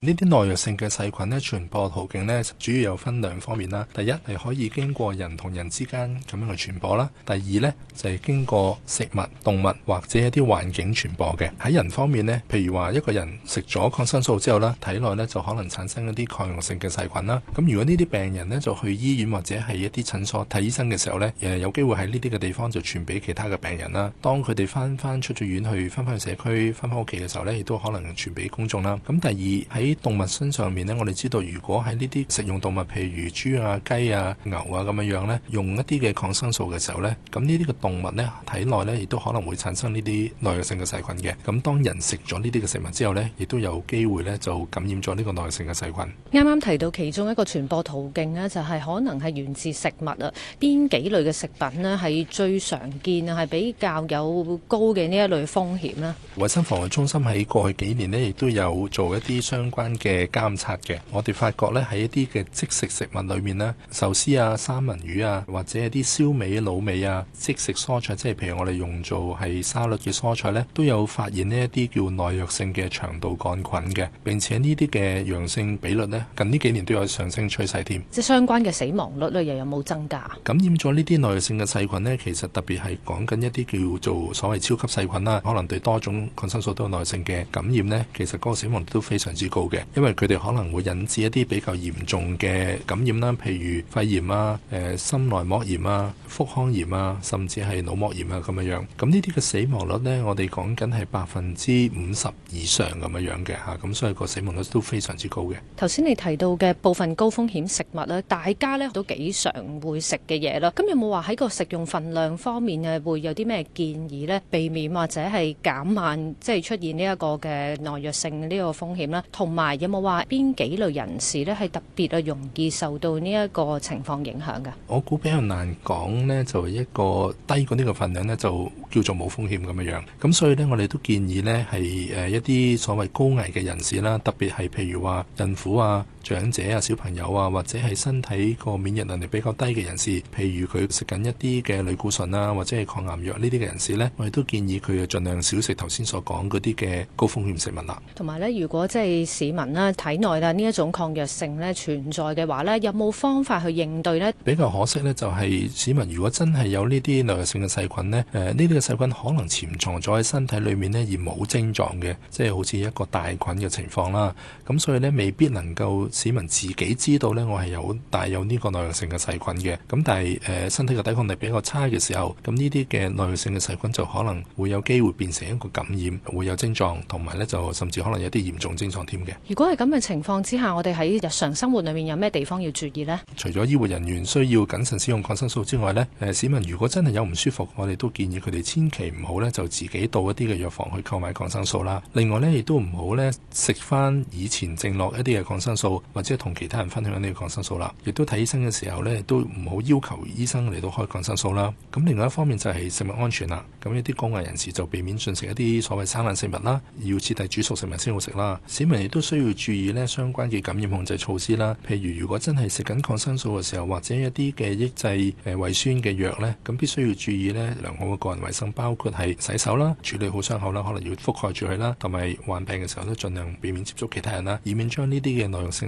呢啲耐藥性嘅細菌咧，傳播途徑咧，主要有分兩方面啦。第一係可以經過人同人之間咁樣去傳播啦。第二咧就係經過食物、動物或者一啲環境傳播嘅。喺人方面咧，譬如話一個人食咗抗生素之後啦，體內咧就可能產生一啲抗藥性嘅細菌啦。咁如果呢啲病人咧就去醫院或者係一啲診所睇醫生嘅時候咧，誒有機會喺呢啲嘅地方就傳俾其他嘅病人啦。當佢哋翻翻出咗院去翻翻去社區、翻翻屋企嘅時候咧，亦都可能傳俾公眾啦。咁第二喺啲動物身上面咧，我哋知道如果喺呢啲食用動物，譬如豬啊、雞啊、牛啊咁樣樣咧，用一啲嘅抗生素嘅時候咧，咁呢啲嘅動物咧體內咧亦都可能會產生呢啲耐藥性嘅細菌嘅。咁當人食咗呢啲嘅食物之後咧，亦都有機會咧就感染咗呢個耐藥性嘅細菌。啱啱提到其中一個傳播途徑咧，就係可能係源自食物啊。邊幾類嘅食品咧係最常見啊，係比較有高嘅呢一類風險咧？衞生防護中心喺過去幾年咧亦都有做一啲相關班嘅監察嘅，我哋發覺咧喺一啲嘅即食食物裏面咧，壽司啊、三文魚啊，或者係啲燒味、滷味啊，即食蔬菜，即係譬如我哋用做係沙律嘅蔬菜呢，都有發現呢一啲叫耐藥性嘅腸道桿菌嘅。並且呢啲嘅陽性比率呢，近呢幾年都有上升趨勢添。即相關嘅死亡率咧，又有冇增加？感染咗呢啲耐藥性嘅細菌呢，其實特別係講緊一啲叫做所謂超級細菌啦，可能對多種抗生素都有耐性嘅感染呢，其實個死亡率都非常之高。嘅，因為佢哋可能會引致一啲比較嚴重嘅感染啦，譬如肺炎啊、誒心內膜炎啊、腹腔炎啊，甚至係腦膜炎啊咁樣樣。咁呢啲嘅死亡率呢，我哋講緊係百分之五十以上咁樣樣嘅吓，咁所以個死亡率都非常之高嘅。頭先你提到嘅部分高風險食物呢，大家呢都幾常會食嘅嘢啦。咁有冇話喺個食用份量方面誒會有啲咩建議呢？避免或者係減慢即係出現呢一個嘅耐藥性呢個風險啦，同。同埋有冇話邊幾類人士咧係特別啊容易受到呢一個情況影響㗎？我估比較難講咧，就一個低過呢個份量呢就叫做冇風險咁樣樣。咁所以呢，我哋都建議呢係誒一啲所謂高危嘅人士啦，特別係譬如話孕婦啊、長者啊、小朋友啊，或者係身體個免疫能力比較低嘅人士，譬如佢食緊一啲嘅類固醇啊，或者係抗癌藥呢啲嘅人士呢，我哋都建議佢啊，儘量少食頭先所講嗰啲嘅高風險食物啦。同埋呢，如果即係市民咧體內啦呢一種抗藥性咧存在嘅話呢，有冇方法去應對呢？比較可惜呢，就係市民如果真係有呢啲耐藥性嘅細菌呢，誒呢啲嘅細菌可能潛藏咗喺身體裏面呢，而冇症狀嘅，即係好似一個大菌嘅情況啦。咁所以呢，未必能夠。市民自己知道呢，我係有帶有呢個耐藥性嘅細菌嘅，咁但係誒身體嘅抵抗力比較差嘅時候，咁呢啲嘅耐藥性嘅細菌就可能會有機會變成一個感染，會有症狀，同埋呢就甚至可能有啲嚴重症狀添嘅。如果係咁嘅情況之下，我哋喺日常生活裏面有咩地方要注意呢？除咗醫護人員需要謹慎使用抗生素之外呢，誒市民如果真係有唔舒服，我哋都建議佢哋千祈唔好呢就自己到一啲嘅藥房去購買抗生素啦。另外呢，亦都唔好呢食翻以前剩落一啲嘅抗生素。或者同其他人分享呢啲抗生素啦，亦都睇醫生嘅時候呢，都唔好要，要求醫生嚟到開抗生素啦。咁另外一方面就係食物安全啦。咁一啲高危人士就避免進食一啲所謂生冷食物啦，要徹底煮熟食物先好食啦。市民亦都需要注意呢相關嘅感染控制措施啦。譬如如果真係食緊抗生素嘅時候，或者一啲嘅抑制誒、呃、胃酸嘅藥呢，咁必須要注意呢良好嘅個人衞生，包括係洗手啦、處理好傷口啦，可能要覆蓋住佢啦，同埋患病嘅時候都盡量避免接觸其他人啦，以免將呢啲嘅耐藥性。